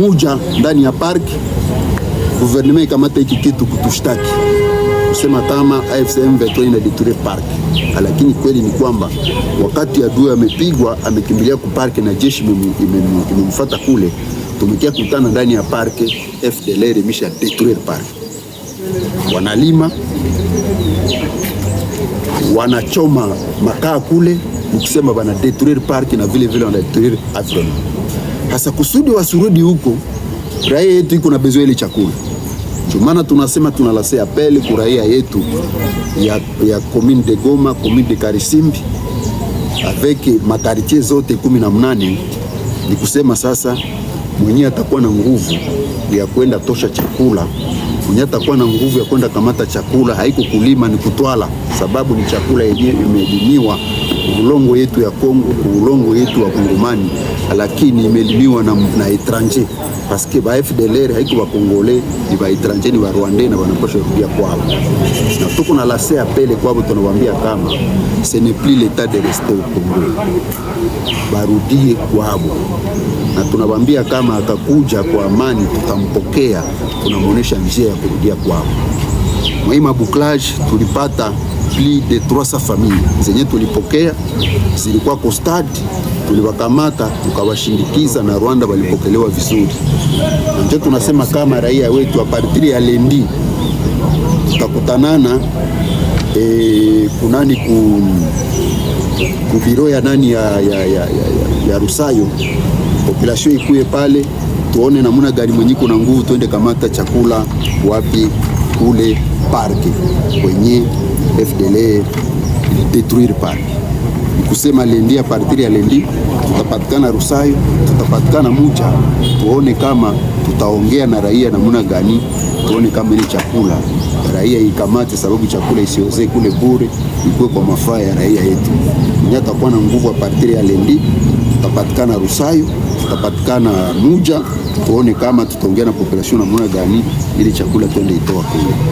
moja ndani ya park guverneme ikamata hiki kitu kutushtaki kusema kama AFC M23 inadetruire park, ah, lakini kweli ni kwamba wakati adui amepigwa amekimbilia ku park na jeshi imemfuata kule, tumekia kutana ndani ya park, FDLR imesha detruire park, wanalima wanachoma makaa kule, ukisema bana detruire park na vile vile wana detruire avion sasa kusudi wasirudi huko, raia yetu iko na bezo ile chakula chumana, tunasema tunalase ku kuraia yetu ya, ya commune de Goma, commune de Karisimbi avec makaritie zote kumi na mnane. Ni kusema sasa mwenye atakuwa na nguvu ya kwenda tosha chakula, mwenye atakuwa na nguvu ya kwenda kamata chakula, haiko kulima ni kutwala, sababu ni chakula yenyewe imedimiwa ulongo yetu ya Kongo, ulongo yetu wa Kongomani, lakini imelimiwa na, na etranger paske ba FDLR haiko wa Kongole, ni ba etranger, ni wa Rwanda na wanapasha kurudia kwao, na tuko na lase apele kwao, tunawaambia kama ce n'est plus l'état de rester au Congo, barudie kwao na tunawaambia kama akakuja kwa amani, tutampokea, tunamwonesha njia ya kurudia kwao. Mwaima buklaj tulipata plus de 300 familia zenye tulipokea zilikuwa kostadi, tuliwakamata tukawashindikiza, na Rwanda walipokelewa vizuri. Ndio tunasema kama raia wetu, partir ya lendi tutakutanana e, kunani ku kubiro ya nani ya, ya, ya, ya, ya, ya Rusayo, population ikuye pale, tuone namuna gari mwenye kuna nguvu, tuende kamata chakula wapi kule parke kwenye FDL détruire pale, kusema lendi, a partir ya lendi tutapatikana Rusayo, tutapatikana Mucha, tuone kama tutaongea na raia namuna gani, tuone kama ile chakula raia ikamate, sababu chakula isiozee kule bure, ikuwe kwa mafaa ya raia yetu. Mwenye tutakuwa na nguvu a partir ya lendi, tutapatikana Rusayo, tutapatikana Muja, tuone kama tutaongea na population namuna gani, ili chakula tuende itoa kule.